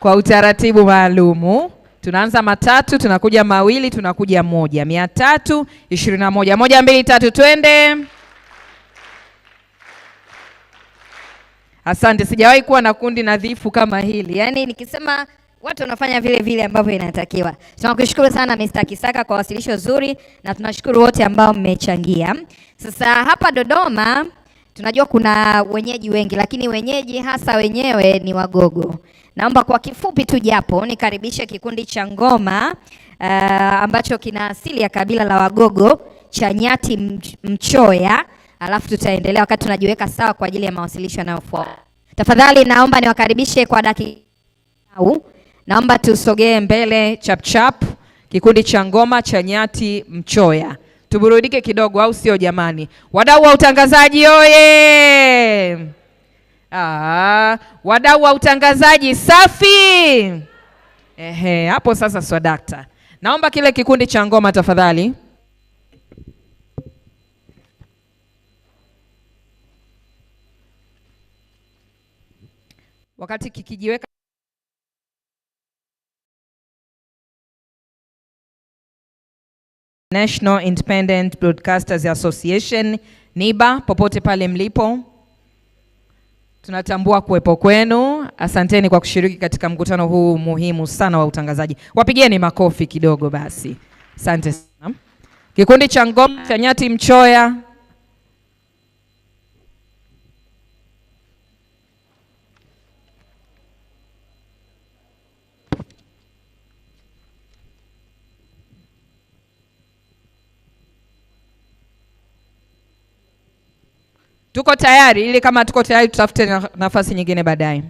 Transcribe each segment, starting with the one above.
kwa utaratibu maalumu. Tunaanza matatu, tunakuja mawili, tunakuja moja. mia tatu ishirini na moja. Moja, mbili, tatu, twende. Asante, sijawahi kuwa na kundi nadhifu kama hili, yaani nikisema watu wanafanya vile vile ambavyo inatakiwa. Tunakushukuru sana Mr. Kisaka kwa wasilisho zuri na tunashukuru wote ambao mmechangia. Sasa hapa Dodoma Tunajua kuna wenyeji wengi, lakini wenyeji hasa wenyewe ni Wagogo. Naomba kwa kifupi tu japo nikaribishe kikundi cha ngoma uh, ambacho kina asili ya kabila la Wagogo cha Nyati Mchoya, alafu tutaendelea wakati tunajiweka sawa kwa ajili ya mawasilisho yanayofuata. Tafadhali naomba niwakaribishe kwa dakika au naomba tusogee mbele chapchap, kikundi cha ngoma cha Nyati Mchoya tuburudike kidogo, au sio jamani? Wadau wa utangazaji oye! Ah, wadau wa utangazaji safi. Ehe, hapo sasa swadakta, naomba kile kikundi cha ngoma tafadhali. Wakati kikijiweka National Independent Broadcasters Association NIBA, popote pale mlipo, tunatambua kuwepo kwenu. Asanteni kwa kushiriki katika mkutano huu muhimu sana wa utangazaji. Wapigeni makofi kidogo basi. Asante sana. Kikundi cha ngoma cha Nyati Mchoya Tuko tayari ili kama tuko tayari tutafute nafasi nyingine baadaye.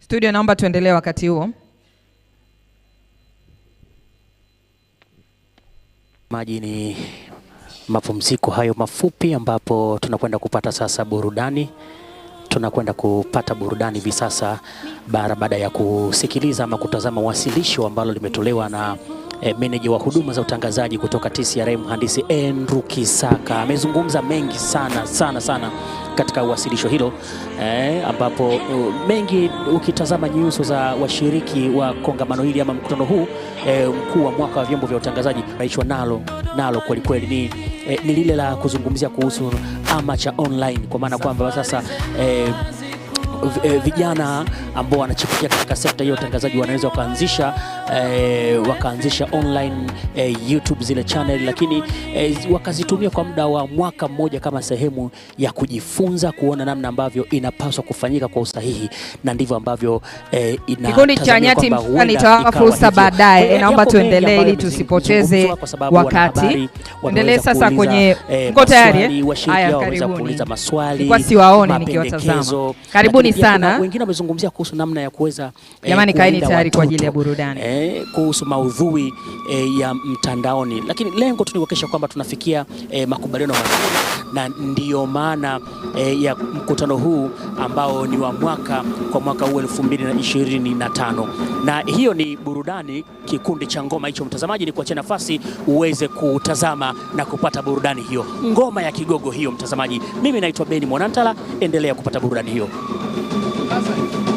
Studio, naomba tuendelee wakati huo. Maji ni mapumziko hayo mafupi, ambapo tunakwenda kupata sasa burudani. Tunakwenda kupata burudani hivi sasa, baada ya kusikiliza ama kutazama wasilisho ambalo limetolewa na eh, meneja wa huduma za utangazaji kutoka TCRA mhandisi Andrew Kisaka amezungumza mengi sana sana sana katika uwasilisho hilo eh, ambapo uh, mengi ukitazama nyuso za washiriki wa kongamano hili ama mkutano huu eh, mkuu wa mwaka wa vyombo vya utangazaji raishwa nalo nalo kwelikweli ni eh, ni lile la kuzungumzia kuhusu amacha online kwa maana kwamba sasa eh, Eh, vijana ambao wanachipukia katika sekta hiyo utangazaji wanaweza wakaanzisha eh, wakaanzisha online eh, YouTube zile channel, lakini wakazitumia kwa muda wa mwaka mmoja kama sehemu ya kujifunza kuona namna ambavyo inapaswa kufanyika kwa usahihi, na ndivyo ambavyo ina kikundi cha nyati nitawapa fursa baadaye. Naomba tuendelee ili tusipoteze wakati, endelee sasa kwenye mko tayari? Haya, karibuni, kwa siwaone nikiwatazama. Karibuni mengi sana. Wengine wamezungumzia kuhusu namna ya kuweza eh, jamani, eh, kaeni tayari kwa ajili ya burudani eh, kuhusu maudhui eh, ya mtandaoni, lakini lengo tu ni kuhakikisha kwamba tunafikia eh, makubaliano mazuri, na ndiyo maana eh, ya mkutano huu ambao ni wa mwaka kwa mwaka huu 2025 na hiyo ni burudani, kikundi cha ngoma hicho. Mtazamaji, ni kuachia nafasi uweze kutazama na kupata burudani hiyo, ngoma ya Kigogo hiyo. Mtazamaji, mimi naitwa Beni Mwanantala, endelea kupata burudani hiyo. ください。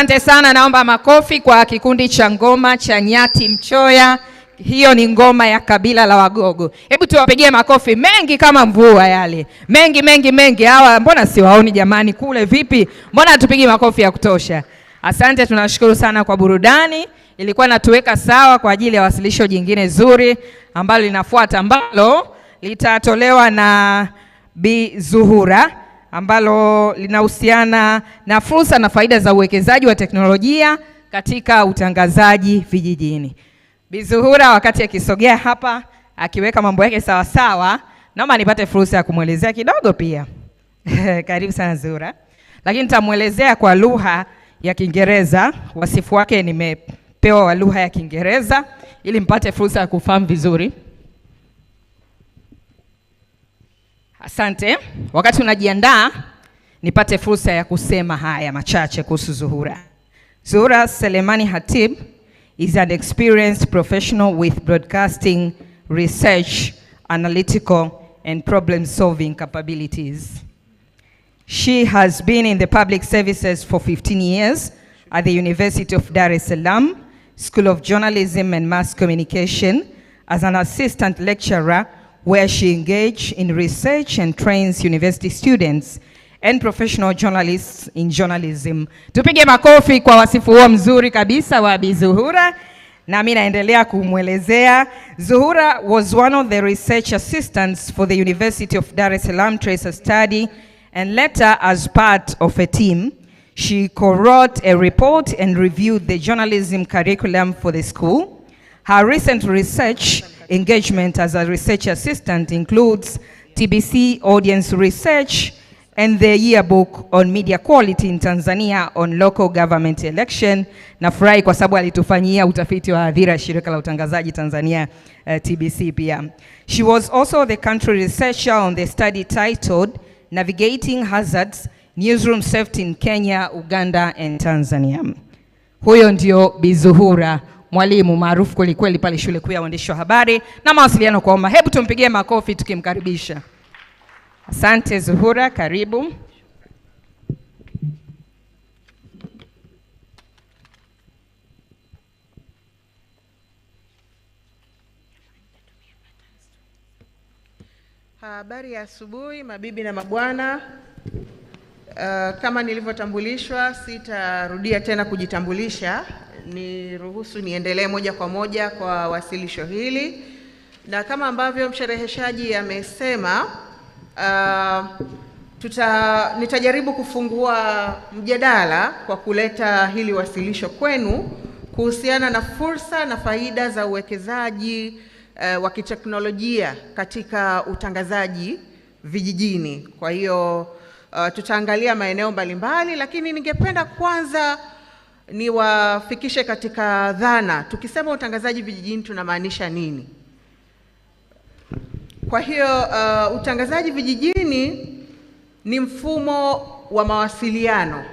Asante sana, naomba makofi kwa kikundi cha ngoma cha Nyati Mchoya. Hiyo ni ngoma ya kabila la Wagogo. Hebu tuwapigie makofi mengi kama mvua yale, mengi mengi mengi. Hawa mbona siwaoni jamani? Kule vipi? Mbona tupigi makofi ya kutosha? Asante, tunashukuru sana kwa burudani, ilikuwa natuweka sawa kwa ajili ya wasilisho jingine zuri ambalo linafuata ambalo litatolewa na Bi Zuhura ambalo linahusiana na fursa na faida za uwekezaji wa teknolojia katika utangazaji vijijini. bizuhura wakati akisogea hapa akiweka mambo yake sawa sawa, naomba nipate fursa ya kumwelezea kidogo pia. Karibu sana Zuhura. Lakini nitamwelezea kwa lugha ya Kiingereza, wasifu wake nimepewa wa lugha ya Kiingereza ili mpate fursa ya kufahamu vizuri. Asante. Wakati unajiandaa, nipate fursa ya kusema haya machache kuhusu Zuhura. Zuhura Selemani Hatib is an experienced professional with broadcasting research, analytical and problem-solving capabilities. She has been in the public services for 15 years at the University of Dar es Salaam School of Journalism and Mass Communication as an assistant lecturer where she engaged in research and trains university students and professional journalists in journalism. Tupige makofi kwa wasifu huo mzuri kabisa wa Bi Zuhura. Na mimi naendelea kumwelezea. Zuhura was one of the research assistants for the University of Dar es Salaam Tracer Study and later as part of a team she co-wrote a report and reviewed the journalism curriculum for the school. Her recent research engagement as a research assistant includes TBC audience research and the yearbook on media quality in Tanzania on local government election. Nafurahi kwa sababu alitufanyia utafiti wa hadhira shirika la utangazaji Tanzania uh, eh, TBC pia. She was also the country researcher on the study titled Navigating Hazards Newsroom Safety in Kenya, Uganda and Tanzania. Huyo ndio bizuhura mwalimu maarufu kwelikweli pale shule kuu ya uandishi wa habari na mawasiliano kwa umma. Hebu tumpigie makofi tukimkaribisha. Asante Zuhura, karibu. Habari ya asubuhi, mabibi na mabwana. Uh, kama nilivyotambulishwa sitarudia tena kujitambulisha ni ruhusu niendelee moja kwa moja kwa wasilisho hili, na kama ambavyo mshereheshaji amesema, uh, tuta nitajaribu kufungua mjadala kwa kuleta hili wasilisho kwenu kuhusiana na fursa na faida za uwekezaji uh, wa kiteknolojia katika utangazaji vijijini. Kwa hiyo uh, tutaangalia maeneo mbalimbali, lakini ningependa kwanza niwafikishe katika dhana. Tukisema utangazaji vijijini tunamaanisha nini? Kwa hiyo uh, utangazaji vijijini ni mfumo wa mawasiliano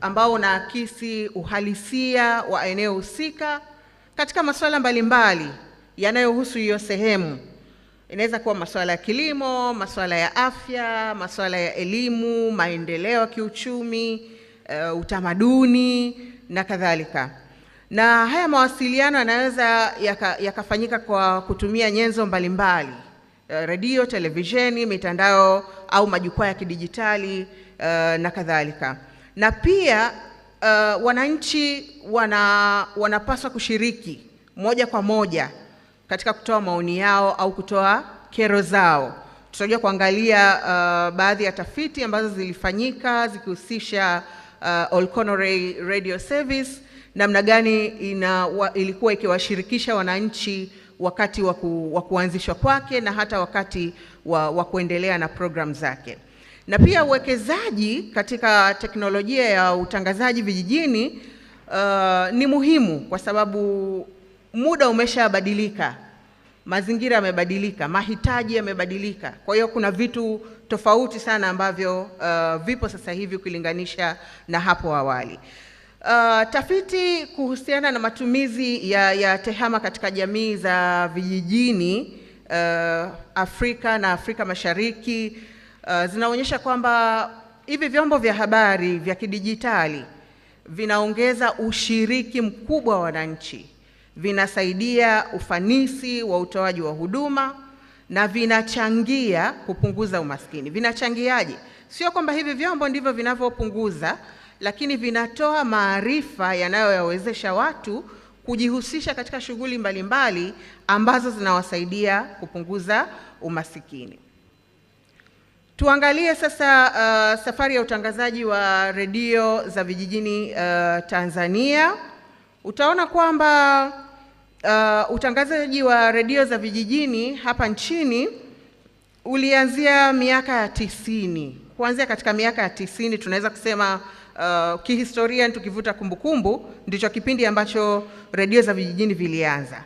ambao unaakisi uhalisia wa eneo husika katika masuala mbalimbali yanayohusu hiyo sehemu. Inaweza kuwa masuala ya kilimo, masuala ya afya, masuala ya elimu, maendeleo ya kiuchumi uh, utamaduni na kadhalika. Na haya mawasiliano yanaweza yakafanyika yaka kwa kutumia nyenzo mbalimbali mbali, uh, eh, redio, televisheni, mitandao au majukwaa ya kidijitali uh, na kadhalika. Na pia uh, wananchi wana, wanapaswa kushiriki moja kwa moja katika kutoa maoni yao au kutoa kero zao. Tutajua kuangalia uh, baadhi ya tafiti ambazo zilifanyika zikihusisha uh, Olkonorei Radio Service namna gani ina, wa, ilikuwa ikiwashirikisha wananchi wakati wa waku, kuanzishwa kwake na hata wakati wa kuendelea na programu zake, na pia uwekezaji katika teknolojia ya utangazaji vijijini uh, ni muhimu kwa sababu muda umeshabadilika, mazingira yamebadilika, mahitaji yamebadilika. Kwa hiyo kuna vitu tofauti sana ambavyo uh, vipo sasa hivi ukilinganisha na hapo awali. Uh, tafiti kuhusiana na matumizi ya, ya tehama katika jamii za vijijini uh, Afrika na Afrika Mashariki uh, zinaonyesha kwamba hivi vyombo vya habari vya kidijitali vinaongeza ushiriki mkubwa wa wananchi, vinasaidia ufanisi wa utoaji wa huduma na vinachangia kupunguza umaskini. Vinachangiaje? Sio kwamba hivi vyombo ndivyo vinavyopunguza, lakini vinatoa maarifa yanayoyawezesha watu kujihusisha katika shughuli mbalimbali ambazo zinawasaidia kupunguza umasikini. Tuangalie sasa uh, safari ya utangazaji wa redio za vijijini uh, Tanzania. Utaona kwamba uh, utangazaji wa redio za vijijini hapa nchini ulianzia miaka ya tisini. Kuanzia katika miaka ya tisini tunaweza kusema uh, kihistoria, tukivuta kumbukumbu, ndicho kipindi ambacho redio za vijijini vilianza,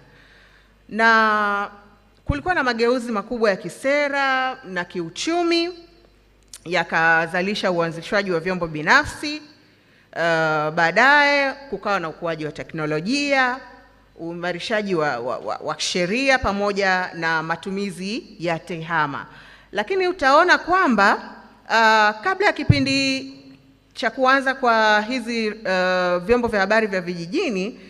na kulikuwa na mageuzi makubwa ya kisera na kiuchumi yakazalisha uanzishwaji wa vyombo binafsi. Uh, baadaye kukawa na ukuaji wa teknolojia uimarishaji wa, wa, wa, wa sheria pamoja na matumizi ya tehama. Lakini utaona kwamba uh, kabla ya kipindi cha kuanza kwa hizi uh, vyombo vya habari vya vijijini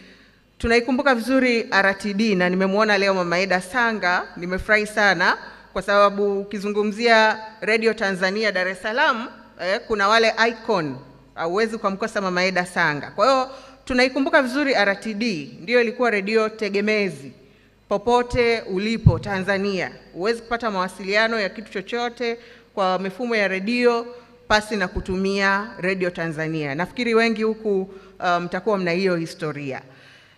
tunaikumbuka vizuri RTD na nimemwona leo Mama Eda Sanga, nimefurahi sana kwa sababu ukizungumzia Radio Tanzania Dar es Salaam eh, kuna wale icon, hauwezi ukamkosa Mama Eda Sanga. Kwa hiyo Tunaikumbuka vizuri RTD, ndiyo ilikuwa redio tegemezi. Popote ulipo Tanzania, huwezi kupata mawasiliano ya kitu chochote kwa mifumo ya redio pasi na kutumia redio Tanzania. Nafikiri wengi huku uh, mtakuwa um, mna hiyo historia,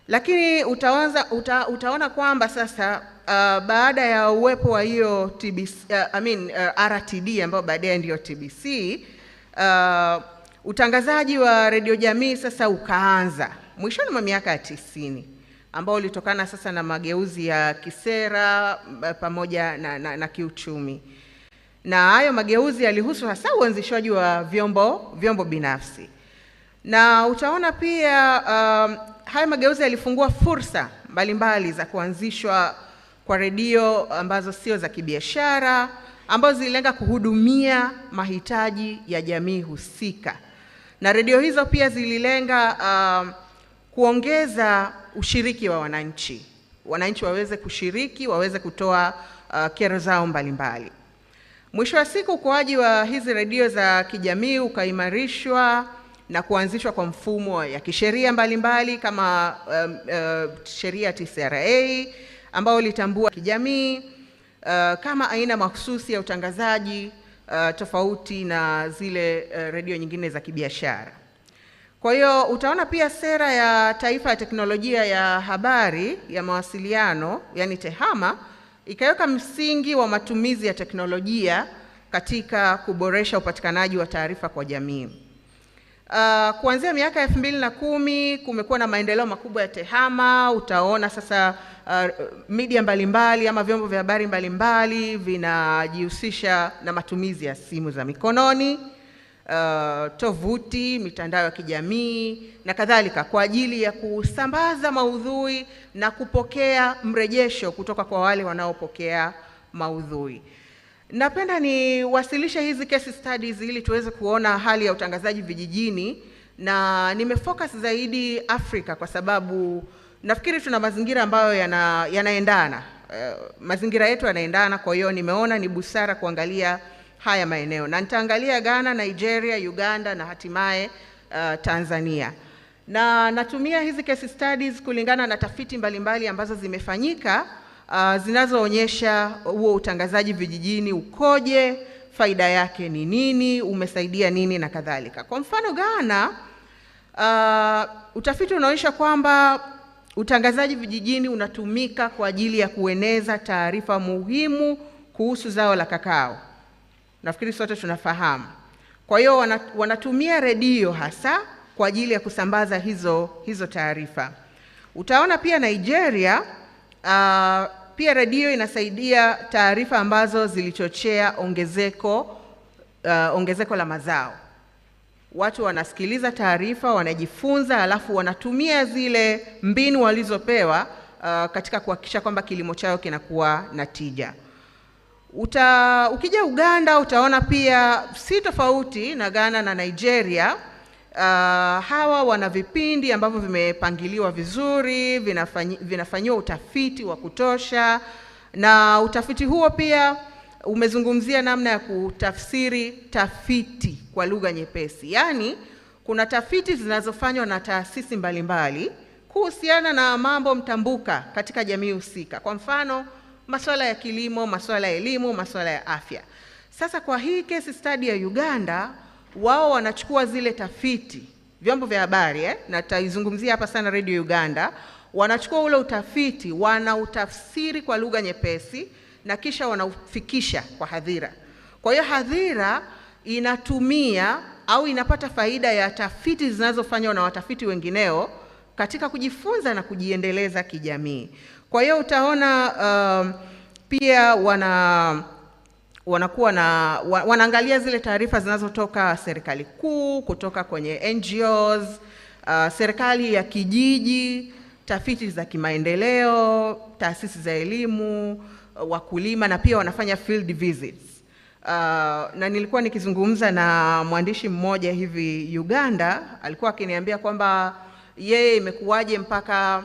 lakini utawaza, uta, utaona kwamba sasa uh, baada ya uwepo wa hiyo TBC, uh, I mean, uh, RTD ambayo baadaye ndiyo TBC uh, Utangazaji wa redio jamii sasa ukaanza mwishoni mwa miaka ya tisini ambao ulitokana sasa na mageuzi ya kisera pamoja na, na, na kiuchumi na hayo mageuzi yalihusu hasa uanzishwaji wa vyombo, vyombo binafsi na utaona pia um, hayo mageuzi yalifungua fursa mbalimbali mbali za kuanzishwa kwa redio ambazo sio za kibiashara ambazo zililenga kuhudumia mahitaji ya jamii husika na redio hizo pia zililenga uh, kuongeza ushiriki wa wananchi, wananchi waweze kushiriki, waweze kutoa uh, kero zao mbalimbali. Mwisho wa siku, ukuaji wa hizi redio za kijamii ukaimarishwa na kuanzishwa kwa mfumo ya kisheria mbalimbali kama um, uh, sheria ya TCRA ambayo ilitambua kijamii uh, kama aina mahsusi ya utangazaji uh, tofauti na zile uh, redio nyingine za kibiashara. Kwa hiyo utaona pia sera ya taifa ya teknolojia ya habari ya mawasiliano, yani TEHAMA ikaweka msingi wa matumizi ya teknolojia katika kuboresha upatikanaji wa taarifa kwa jamii. Uh, kuanzia miaka elfu mbili na kumi kumekuwa na maendeleo makubwa ya TEHAMA. Utaona sasa Uh, media mbalimbali ama vyombo vya habari mbalimbali vinajihusisha na matumizi ya simu za mikononi uh, tovuti, mitandao ya kijamii na kadhalika kwa ajili ya kusambaza maudhui na kupokea mrejesho kutoka kwa wale wanaopokea maudhui. Napenda niwasilishe hizi case studies ili tuweze kuona hali ya utangazaji vijijini na nimefocus zaidi Afrika kwa sababu Nafikiri tuna mazingira ambayo yana, yanaendana uh, mazingira yetu yanaendana. Kwa hiyo nimeona ni busara kuangalia haya maeneo na nitaangalia Ghana, Nigeria, Uganda na hatimaye uh, Tanzania na natumia hizi case studies kulingana na tafiti mbalimbali mbali ambazo zimefanyika uh, zinazoonyesha huo utangazaji vijijini ukoje, faida yake ni nini, umesaidia nini na kadhalika. Kwa mfano Ghana, uh, utafiti unaonyesha kwamba Utangazaji vijijini unatumika kwa ajili ya kueneza taarifa muhimu kuhusu zao la kakao. Nafikiri sote tunafahamu. Kwa hiyo wanatumia redio hasa kwa ajili ya kusambaza hizo, hizo taarifa. Utaona pia Nigeria, uh, pia redio inasaidia taarifa ambazo zilichochea ongezeko, uh, ongezeko la mazao watu wanasikiliza taarifa, wanajifunza, alafu wanatumia zile mbinu walizopewa uh, katika kuhakikisha kwamba kilimo chao kinakuwa na tija. Uta, ukija Uganda utaona pia si tofauti na Ghana na Nigeria. Uh, hawa wana vipindi ambavyo vimepangiliwa vizuri, vinafanyiwa utafiti wa kutosha, na utafiti huo pia umezungumzia namna ya kutafsiri tafiti kwa lugha nyepesi, yaani kuna tafiti zinazofanywa na taasisi mbalimbali kuhusiana na mambo mtambuka katika jamii husika, kwa mfano masuala ya kilimo, masuala ya elimu, masuala ya afya. Sasa kwa hii case study ya Uganda, wao wanachukua zile tafiti vyombo vya habari eh, na taizungumzia hapa sana Radio Uganda, wanachukua ule utafiti wanautafsiri kwa lugha nyepesi na kisha wanaufikisha kwa hadhira. Kwa hiyo hadhira inatumia au inapata faida ya tafiti zinazofanywa na watafiti wengineo katika kujifunza na kujiendeleza kijamii. Kwa hiyo utaona uh, pia wana wanakuwa na wanaangalia zile taarifa zinazotoka serikali kuu, kutoka kwenye NGOs, uh, serikali ya kijiji, tafiti za kimaendeleo, taasisi za elimu wakulima na pia wanafanya field visits. Uh, na nilikuwa nikizungumza na mwandishi mmoja hivi Uganda, alikuwa akiniambia kwamba yeye imekuwaje mpaka